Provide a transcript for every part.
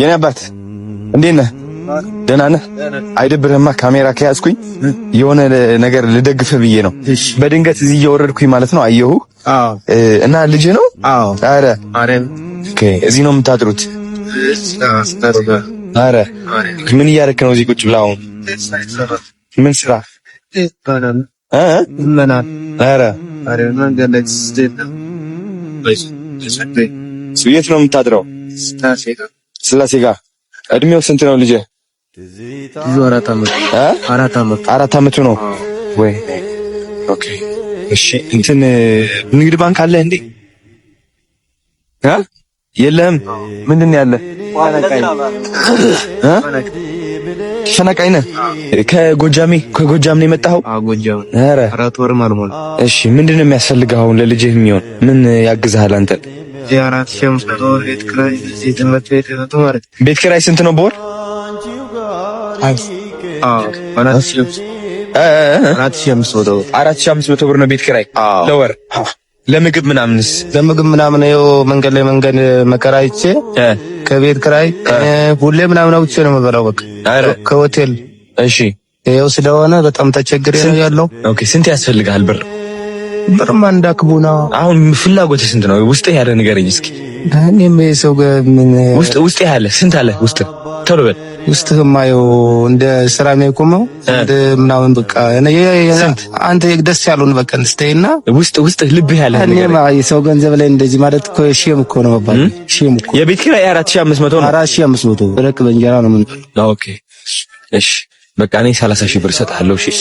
የኔ አባት እንዴት ነህ? ደህና ነህ? አይደብርህማ። ካሜራ ከያዝኩኝ የሆነ ነገር ልደግፍህ ብዬ ነው። በድንገት እዚህ እየወረድኩኝ ማለት ነው አየሁ እና ልጅ ነው። አረ እዚህ ነው የምታጥሩት? አረ ምን እያደረክ ነው? እዚህ ቁጭ ብላው? ምን ስራ የት ነው የምታጥረው? ስላሴ ጋር እድሜው ስንት ነው ልጄ? ብዙ አራት ዓመት አራት አመት አራት ዓመቱ ነው ወይ? ኦኬ እሺ። እንትን ንግድ ባንክ አለ እንዴ? አ የለም። ምንድን ነው ያለ? ተፈናቃይ ነህ? ከጎጃሜ ከጎጃም ነው የመጣኸው? ኧረ አራት ወርም አልሞላም። እሺ ምንድን ነው የሚያስፈልገው አሁን? ለልጅህ የሚሆን ምን ያግዝሃል አንተን? እዚህ አራት ሺህ አምስት መቶ ቤት ክራይ እዚህ ትምህርት ቤት ነው ማለት ቤት ክራይ ስንት ነው በወር? አራት ሺህ አምስት መቶ ብር ነው ቤት ክራይ ለወር። ለምግብ ምናምንስ? ለምግብ ምናምን ይኸው መንገድ ላይ መንገድ መከራይቼ ከቤት ክራይ ሁሌ ምናምን አውጥቼ ነው የምበላው በቃ ከሆቴል። እሺ ይኸው ስለሆነ በጣም ተቸግሬ ነው ያለው። ኦኬ ስንት ያስፈልጋል ብር? ጥርማ እንዳክቡና አሁን ፍላጎት ስንት ነው? ውስጥ ያለ ንገረኝ እስኪ። እኔም ሰው ጋር ምን ውስጥ ውስጥ ያለ ስንት አለ? ውስጥ ቶሎ በል ውስጥ ማየው እንደ ስራ የሚያቆመው እንደ ምናምን በቃ አንተ ደስ ያለውን በቃ እንስተይና ውስጥ ውስጥ ልብ ያለ ሰው ገንዘብ ላይ እንደዚህ ማለት እኮ ሺህም እኮ ነው መባል ሺህም እኮ የቤት ኪራይ አራት ሺህ አምስት መቶ ነው። አራት ሺህ አምስት መቶ በለቅ በእንጀራ ነው ምን ኦኬ እሺ በቃ እኔ ሰላሳ ሺህ ብር እሰጥሃለሁ። እሺ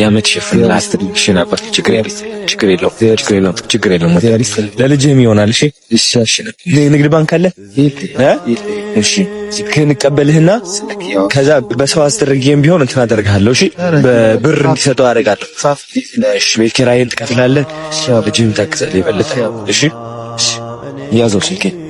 የዓመት ሽፍን ላስትድሽ ነበር። ችግር ችግር የለውም ችግር የለውም ይሆናል። እሺ ንግድ ባንክ አለ። እሺ እንቀበልህና ከዛ በሰው አስደረግም ቢሆን እንትን አደርግሃለሁ። እሺ በብር እንዲሰጠው አደርጋለሁ። እሺ ቤት ኪራይን ትከፍላለህ። ልጅም ታግዛለህ የበለጠ። እሺ ያዘው ስልኬን